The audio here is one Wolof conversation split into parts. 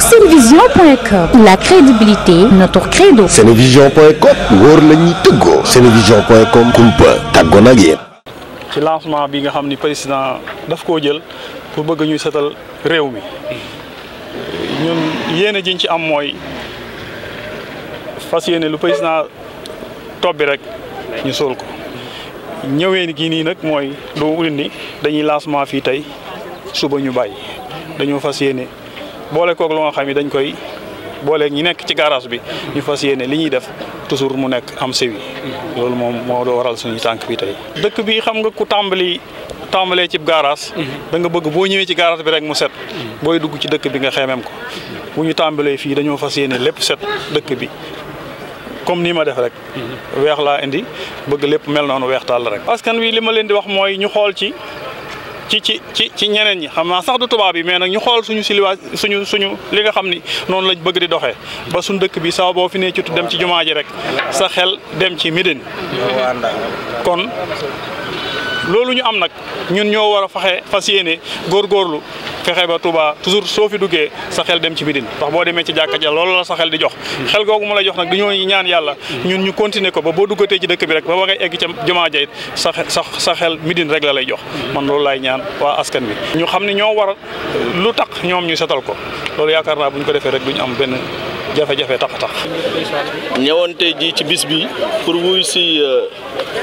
Senevision.com la crédibilité notre credo. Senevision.com wóor la tàggoo nag yéen. ci lancement bi nga xam ni président daf koo jël pour bëgg ñuy setal réew mi ñun yéene jiñ ci am mooy fas yéene lu président topp bi rek. ñu sol ko ñëwee ni kii nii nag mooy doo indi dañuy lancement fii tey suba ñu bàyyi dañoo fas yéene boole kook lu nga xam ne dañ koy boole ñu nekk ci garage bi ñu fas yéene li ñuy def toujours mu nekk am sewi loolu moom moo doo waral suñu tànk bi tey dëkk bi xam nga ku tàmbali tàmbalee ci garage danga bëgg boo ñëwee ci garage bi rek mu set booy dugg ci dëkk bi nga xemeem ko bu ñu tàmbalee fii dañoo fas yéene lépp set dëkk bi comme nii ma def rek. weex laa indi bëgg lépp mel noonu weex tàll rek. askan wii li ma leen di wax mooy ñu xool ci ci ci ci ci ñeneen ñi xam naa sax du tubaab yi mais nag ñu xool suñu siliwaas suñu suñu li nga xam ni noonu lañ bëgg di doxee ba suñ dëkk bi saa boo fi nee ci dem ci jumaa ji rek sa xel dem ci Médine kon loolu ñu am nag ñun ñoo war a faxe fas yéene góor góorlu fexe ba Touba toujours soo fi duggee sa xel dem ci bidin ndax boo demee ci jàkka ja loolu la sa xel di jox xel googu mu lay jox nag dañoo ñaan yàlla ñun ñu continuer ko ba boo duggatee ci dëkk bi rek ba ba ngay egg ca jumaa ja it sa sa xel midin rek la lay jox man loolu laay ñaan waa askan bi ñu xam ne ñoo war lu tax ñoom ñu setal ko loolu yaakaar naa bu ñu ko defee rek duñu am benn jafe-jafe tax tax. ñëwoon tey jii ci bis bi pour wuy si euh,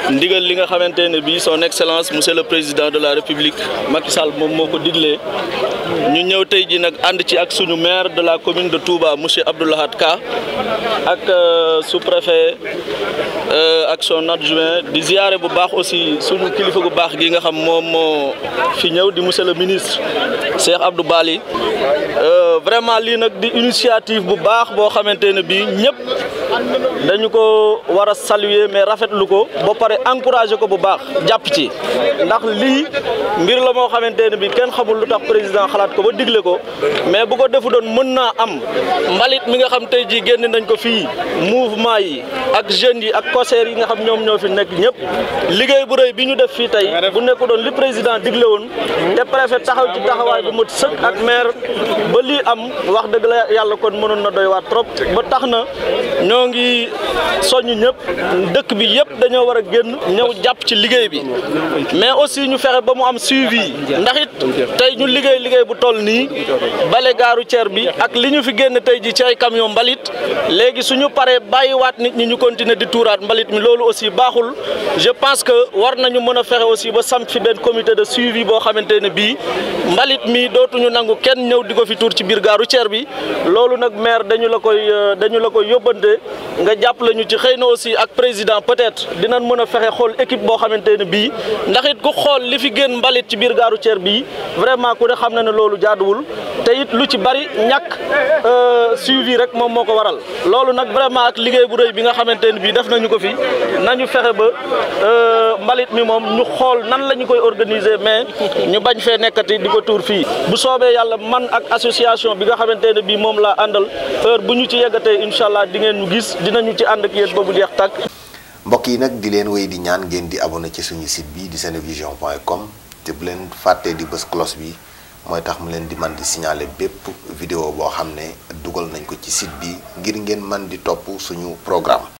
ndigal li nga xamante ne bii son excellence monsieur le président de la république Macky Sall moom moo ko diglee ñu ñëw tey jii nag ànd ci ak suñu maire de la commune de Touba monsieur Abdou Lahad Ka ak euh, sous-préfet euh, action son juin di ziare bu baax aussi suñu kilifa gu baax gi nga xam moom moo fi ñëw di monsieur le ministre Cheikh Abdou Bali. vraiment lii nag di initiative bu baax boo xamante ne bii ñëpp dañu ko war a saluer mais rafetlu ko ba pare encourager ko bu baax jàpp ci ndax lii mbir la moo xamante ne bii kenn xamul lu tax président xalaat ko ba digle ko mais bu ko defu doon mën naa am mbalit mi nga xam tey jii génn nañ ko fii mouvement yi ak jeunes yi ak conseillers yi nga xam ñoom ñoo fi nekk ñëpp liggéey bu rëy bi ñu def fii tey bu nekku doon li président digle woon te préfet taxaw ci lii am wax dëgg la yàlla kon mënoon na doy waat trop ba tax na ñoo ngi soññ ñëpp dëkk bi yëpp dañoo war a génn ñëw jàpp ci liggéey bi mais aussi ñu fexe ba mu am suivi ndax it tey ñu liggéey liggéey bu toll nii bale gaaru ceer bi ak li ñu fi génn tey ji ci ay camion mbalit léegi suñu paree bàyyiwaat nit ñi ñu continuer di tuuraat mbalit mi loolu aussi baaxul je pense que war nañu mën a fexe aussi ba samp fi benn comité de suivi boo xamante ne bii mbalit mi biir gaaru ceer bi loolu nag maire dañu la koy euh, dañu la koy yóbbante nga jàppale ñu ci xëy na aussi ak président peut-être dinañ mën a fexe xool équipe boo xamante ne bii ndax it ku xool li fi gën mbalit ci biir gaaru ceer bii vraiment ku ne xam na ne loolu jaaduwul te it lu ci bari ñàkk euh, suivi rek moom moo ko waral loolu nag vraiment ak liggéey bu rëy bi nga xamante ne bii def nañu ko fi nañu fexe ba euh, mbalit mi moom ñu xool nan la ñu koy organiser mais ñu bañ fee nekkati di ko tuur fii délégation bi nga xamante ne bii moom laa àndal heure bu ñu ci yeggatee incha allah di ngeen ñu gis dinañu ci ànd ak yéen ba mu jeex tàkk. mbokk yi nag di leen wéy di ñaan ngeen di abonné ci suñu site bi di senevision point com te bu leen fàttee di bës cloche bi mooy tax mu leen di man di signaler bépp vidéo boo xam ne dugal nañ ko ci site bi ngir ngeen man di topp suñu programme